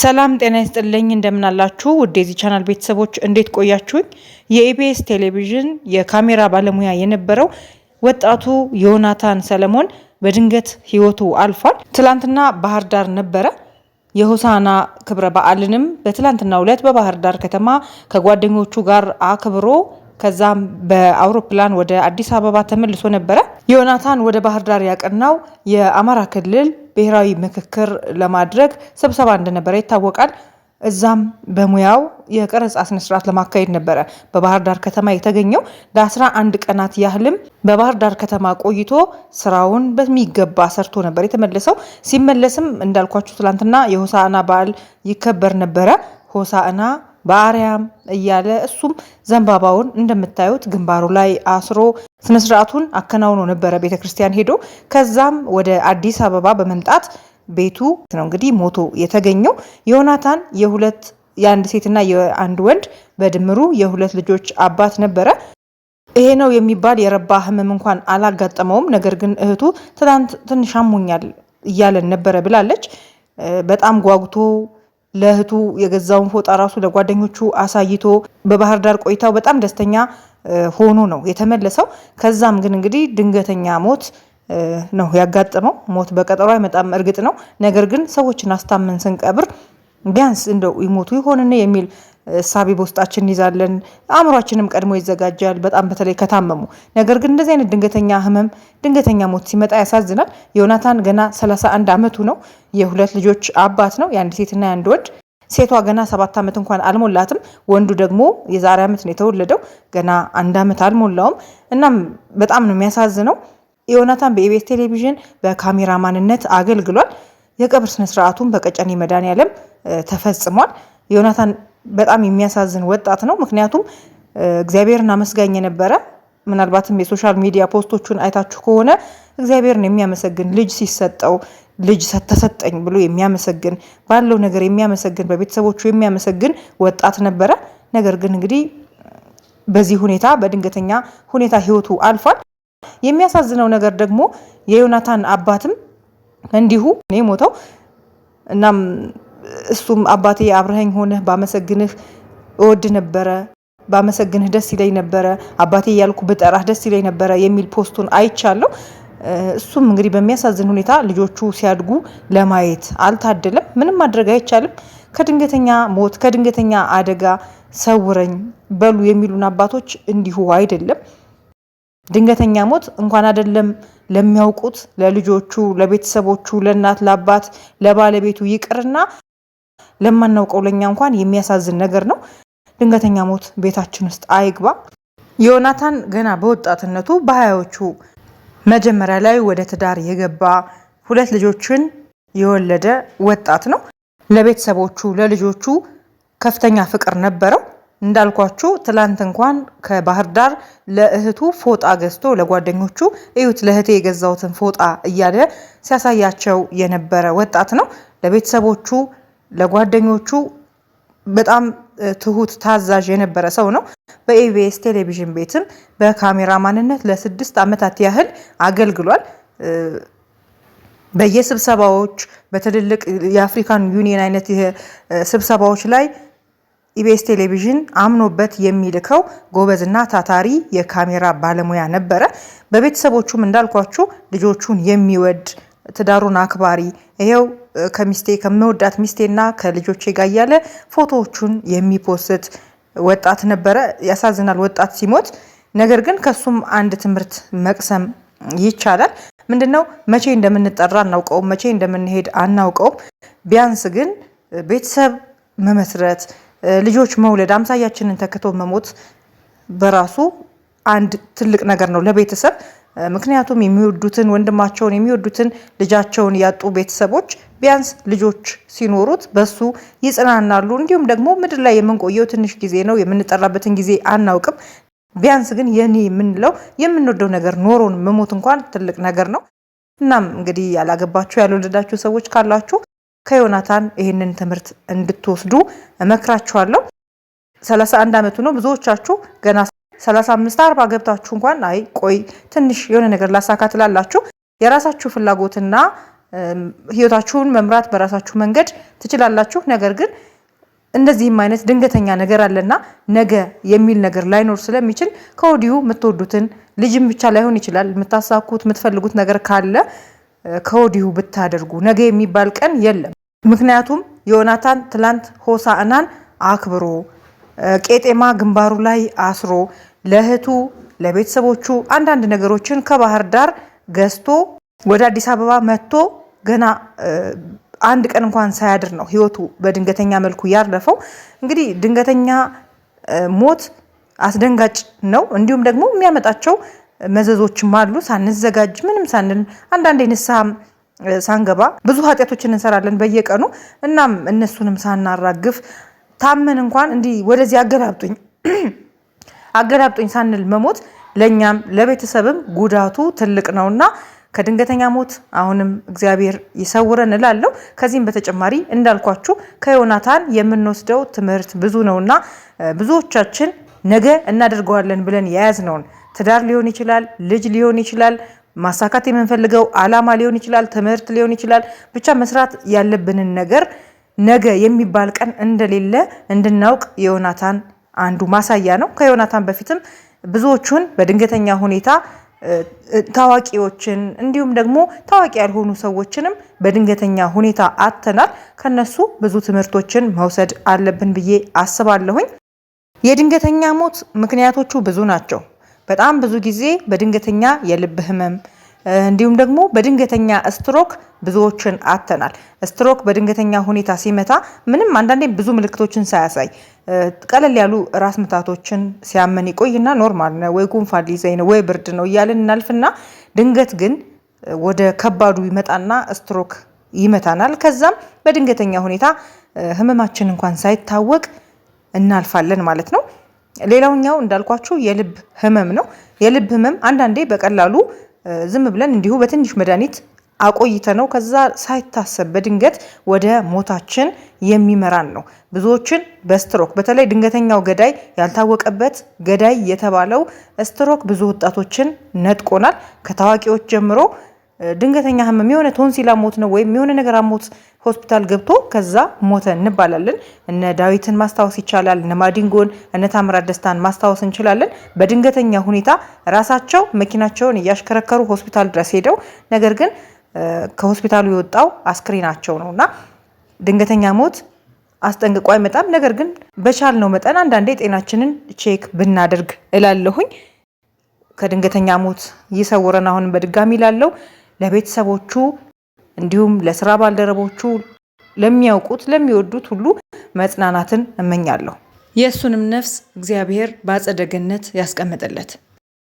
ሰላም ጤና ይስጥልኝ። እንደምናላችሁ ውድ የዚህ ቻናል ቤተሰቦች እንዴት ቆያችሁኝ? የኢቢኤስ ቴሌቪዥን የካሜራ ባለሙያ የነበረው ወጣቱ ዮናታን ሰለሞን በድንገት ህይወቱ አልፏል። ትላንትና ባህር ዳር ነበረ። የሆሳና ክብረ በዓልንም በትላንትናው ዕለት በባህር ዳር ከተማ ከጓደኞቹ ጋር አክብሮ ከዛም በአውሮፕላን ወደ አዲስ አበባ ተመልሶ ነበረ። ዮናታን ወደ ባህር ዳር ያቀናው የአማራ ክልል ብሔራዊ ምክክር ለማድረግ ስብሰባ እንደነበረ ይታወቃል። እዛም በሙያው የቀረጻ ስነስርዓት ለማካሄድ ነበረ በባህር ዳር ከተማ የተገኘው። ለ11 ቀናት ያህልም በባህር ዳር ከተማ ቆይቶ ስራውን በሚገባ ሰርቶ ነበር የተመለሰው። ሲመለስም እንዳልኳችሁ ትላንትና የሆሳዕና በዓል ይከበር ነበረ። ሆሳዕና በአርያም እያለ እሱም ዘንባባውን እንደምታዩት ግንባሩ ላይ አስሮ ስነስርዓቱን አከናውኖ ነበረ ቤተ ክርስቲያን ሄዶ። ከዛም ወደ አዲስ አበባ በመምጣት ቤቱ ነው እንግዲህ ሞቶ የተገኘው። ዮናታን የሁለት የአንድ ሴትና የአንድ ወንድ በድምሩ የሁለት ልጆች አባት ነበረ። ይሄ ነው የሚባል የረባ ህመም እንኳን አላጋጠመውም። ነገር ግን እህቱ ትናንት ትንሽ አሞኛል እያለን ነበረ ብላለች። በጣም ጓጉቶ ለእህቱ የገዛውን ፎጣ ራሱ ለጓደኞቹ አሳይቶ በባህር ዳር ቆይታው በጣም ደስተኛ ሆኖ ነው የተመለሰው። ከዛም ግን እንግዲህ ድንገተኛ ሞት ነው ያጋጠመው። ሞት በቀጠሮ አይመጣም እርግጥ ነው። ነገር ግን ሰዎችን አስታመን ስንቀብር ቢያንስ እንደው ይሞቱ ይሆንን የሚል እሳቤ በውስጣችን እንይዛለን። አእምሯችንም ቀድሞ ይዘጋጃል፣ በጣም በተለይ ከታመሙ። ነገር ግን እንደዚህ አይነት ድንገተኛ ህመም፣ ድንገተኛ ሞት ሲመጣ ያሳዝናል። ዮናታን ገና 31 ዓመቱ ነው። የሁለት ልጆች አባት ነው፣ የአንድ ሴትና የአንድ ወንድ። ሴቷ ገና ሰባት ዓመት እንኳን አልሞላትም። ወንዱ ደግሞ የዛሬ ዓመት ነው የተወለደው፣ ገና አንድ ዓመት አልሞላውም። እናም በጣም ነው የሚያሳዝነው። ዮናታን በኢቤስ ቴሌቪዥን ማንነት አገልግሏል። የቀብር ስነስርዓቱን በቀጨኔ መድኃኔዓለም ተፈጽሟል። ዮናታን በጣም የሚያሳዝን ወጣት ነው። ምክንያቱም እግዚአብሔርን አመስጋኝ የነበረ ምናልባትም የሶሻል ሚዲያ ፖስቶቹን አይታችሁ ከሆነ እግዚአብሔርን የሚያመሰግን ልጅ ሲሰጠው ልጅ ተሰጠኝ ብሎ የሚያመሰግን ባለው ነገር የሚያመሰግን በቤተሰቦቹ የሚያመሰግን ወጣት ነበረ። ነገር ግን እንግዲህ በዚህ ሁኔታ በድንገተኛ ሁኔታ ህይወቱ አልፏል። የሚያሳዝነው ነገር ደግሞ የዮናታን አባትም እንዲሁ ሞተው እናም እሱም አባቴ አብረኸኝ ሆነህ ባመሰግንህ እወድ ነበረ ባመሰግንህ ደስ ይለኝ ነበረ አባቴ እያልኩ ብጠራህ ደስ ይለኝ ነበረ የሚል ፖስቱን አይቻለሁ። እሱም እንግዲህ በሚያሳዝን ሁኔታ ልጆቹ ሲያድጉ ለማየት አልታደለም። ምንም ማድረግ አይቻልም። ከድንገተኛ ሞት ከድንገተኛ አደጋ ሰውረኝ በሉ የሚሉን አባቶች እንዲሁ አይደለም። ድንገተኛ ሞት እንኳን አይደለም ለሚያውቁት ለልጆቹ፣ ለቤተሰቦቹ፣ ለእናት፣ ለአባት፣ ለባለቤቱ ይቅርና ለማናውቀው ለኛ እንኳን የሚያሳዝን ነገር ነው። ድንገተኛ ሞት ቤታችን ውስጥ አይግባ። ዮናታን ገና በወጣትነቱ በሀያዎቹ መጀመሪያ ላይ ወደ ትዳር የገባ ሁለት ልጆችን የወለደ ወጣት ነው። ለቤተሰቦቹ ለልጆቹ ከፍተኛ ፍቅር ነበረው። እንዳልኳችሁ ትላንት እንኳን ከባህር ዳር ለእህቱ ፎጣ ገዝቶ ለጓደኞቹ እዩት ለእህቴ የገዛሁትን ፎጣ እያለ ሲያሳያቸው የነበረ ወጣት ነው። ለቤተሰቦቹ ለጓደኞቹ በጣም ትሁት ታዛዥ የነበረ ሰው ነው። በኢቢኤስ ቴሌቪዥን ቤትም በካሜራ ማንነት ለስድስት ዓመታት ያህል አገልግሏል። በየስብሰባዎች በትልልቅ የአፍሪካን ዩኒየን አይነት ስብሰባዎች ላይ ኢቢኤስ ቴሌቪዥን አምኖበት የሚልከው ጎበዝና ታታሪ የካሜራ ባለሙያ ነበረ። በቤተሰቦቹም እንዳልኳችሁ ልጆቹን የሚወድ ትዳሩን አክባሪ ይኸው ከሚስቴ ከምወዳት ሚስቴና ከልጆቼ ጋር እያለ ፎቶዎቹን የሚፖስት ወጣት ነበረ። ያሳዝናል፣ ወጣት ሲሞት። ነገር ግን ከሱም አንድ ትምህርት መቅሰም ይቻላል። ምንድነው? መቼ እንደምንጠራ አናውቀውም፣ መቼ እንደምንሄድ አናውቀውም። ቢያንስ ግን ቤተሰብ መመስረት፣ ልጆች መውለድ፣ አምሳያችንን ተክቶ መሞት በራሱ አንድ ትልቅ ነገር ነው ለቤተሰብ። ምክንያቱም የሚወዱትን ወንድማቸውን የሚወዱትን ልጃቸውን ያጡ ቤተሰቦች ቢያንስ ልጆች ሲኖሩት በሱ ይጽናናሉ። እንዲሁም ደግሞ ምድር ላይ የምንቆየው ትንሽ ጊዜ ነው። የምንጠራበትን ጊዜ አናውቅም። ቢያንስ ግን የኔ የምንለው የምንወደው ነገር ኖሮን መሞት እንኳን ትልቅ ነገር ነው። እናም እንግዲህ ያላገባችሁ ያልወለዳችሁ ሰዎች ካላችሁ ከዮናታን ይህንን ትምህርት እንድትወስዱ እመክራችኋለሁ። 31 ዓመቱ ነው። ብዙዎቻችሁ ገና 35 40 ገብታችሁ እንኳን አይ ቆይ ትንሽ የሆነ ነገር ላሳካ ትላላችሁ። የራሳችሁ ፍላጎትና ህይወታችሁን መምራት በራሳችሁ መንገድ ትችላላችሁ። ነገር ግን እንደዚህም አይነት ድንገተኛ ነገር አለና ነገ የሚል ነገር ላይኖር ስለሚችል ከወዲሁ የምትወዱትን ልጅም ብቻ ላይሆን ይችላል የምታሳኩት የምትፈልጉት ነገር ካለ ከወዲሁ ብታደርጉ ነገ የሚባል ቀን የለም። ምክንያቱም ዮናታን ትላንት ሆሳዕናን አክብሮ ቄጤማ ግንባሩ ላይ አስሮ ለእህቱ ለቤተሰቦቹ አንዳንድ ነገሮችን ከባህር ዳር ገዝቶ ወደ አዲስ አበባ መጥቶ ገና አንድ ቀን እንኳን ሳያድር ነው ህይወቱ በድንገተኛ መልኩ ያለፈው። እንግዲህ ድንገተኛ ሞት አስደንጋጭ ነው። እንዲሁም ደግሞ የሚያመጣቸው መዘዞችም አሉ። ሳንዘጋጅ ምንም ሳንል አንዳንዴ ንስሐ ሳንገባ ብዙ ኃጢአቶችን እንሰራለን በየቀኑ። እናም እነሱንም ሳናራግፍ ታመን እንኳን እንዲህ ወደዚህ አገላብጡኝ አገላብጡኝ ሳንል መሞት ለእኛም ለቤተሰብም ጉዳቱ ትልቅ ነውና ከድንገተኛ ሞት አሁንም እግዚአብሔር ይሰውረን እላለሁ። ከዚህም በተጨማሪ እንዳልኳችሁ ከዮናታን የምንወስደው ትምህርት ብዙ ነውና ብዙዎቻችን ነገ እናደርገዋለን ብለን የያዝነውን ትዳር ሊሆን ይችላል፣ ልጅ ሊሆን ይችላል ማሳካት የምንፈልገው አላማ ሊሆን ይችላል፣ ትምህርት ሊሆን ይችላል። ብቻ መስራት ያለብንን ነገር ነገ የሚባል ቀን እንደሌለ እንድናውቅ የዮናታን አንዱ ማሳያ ነው። ከዮናታን በፊትም ብዙዎቹን በድንገተኛ ሁኔታ ታዋቂዎችን እንዲሁም ደግሞ ታዋቂ ያልሆኑ ሰዎችንም በድንገተኛ ሁኔታ አጥተናል። ከነሱ ብዙ ትምህርቶችን መውሰድ አለብን ብዬ አስባለሁኝ። የድንገተኛ ሞት ምክንያቶቹ ብዙ ናቸው። በጣም ብዙ ጊዜ በድንገተኛ የልብ ህመም እንዲሁም ደግሞ በድንገተኛ ስትሮክ ብዙዎችን አተናል። ስትሮክ በድንገተኛ ሁኔታ ሲመታ ምንም አንዳንዴ ብዙ ምልክቶችን ሳያሳይ ቀለል ያሉ ራስ ምታቶችን ሲያመን ይቆይና ኖርማል ነው ወይ ጉንፋን ሊዘኝ ነው ወይ ብርድ ነው እያልን እናልፍና ድንገት ግን ወደ ከባዱ ይመጣና ስትሮክ ይመታናል። ከዛም በድንገተኛ ሁኔታ ህመማችን እንኳን ሳይታወቅ እናልፋለን ማለት ነው። ሌላውኛው እንዳልኳችሁ የልብ ህመም ነው። የልብ ህመም አንዳንዴ በቀላሉ ዝም ብለን እንዲሁ በትንሽ መድኃኒት አቆይተ ነው ከዛ ሳይታሰብ በድንገት ወደ ሞታችን የሚመራን ነው። ብዙዎችን በስትሮክ በተለይ ድንገተኛው ገዳይ ያልታወቀበት ገዳይ የተባለው ስትሮክ ብዙ ወጣቶችን ነጥቆናል። ከታዋቂዎች ጀምሮ ድንገተኛ ህመም የሆነ ቶንሲላ ሞት ነው ወይም የሆነ ነገር ሞት ሆስፒታል ገብቶ ከዛ ሞተ እንባላለን። እነ ዳዊትን ማስታወስ ይቻላል። እነ ማዲንጎን፣ እነ ታምራት ደስታን ማስታወስ እንችላለን። በድንገተኛ ሁኔታ ራሳቸው መኪናቸውን እያሽከረከሩ ሆስፒታል ድረስ ሄደው ነገር ግን ከሆስፒታሉ የወጣው አስክሬናቸው ነው እና ድንገተኛ ሞት አስጠንቅቆ አይመጣም። ነገር ግን በቻልነው መጠን አንዳንዴ ጤናችንን ቼክ ብናደርግ እላለሁኝ። ከድንገተኛ ሞት ይሰውረን። አሁንም በድጋሚ ላለው ለቤተሰቦቹ እንዲሁም ለስራ ባልደረቦቹ፣ ለሚያውቁት፣ ለሚወዱት ሁሉ መጽናናትን እመኛለሁ። የእሱንም ነፍስ እግዚአብሔር በአጸደ ገነት ያስቀምጥለት።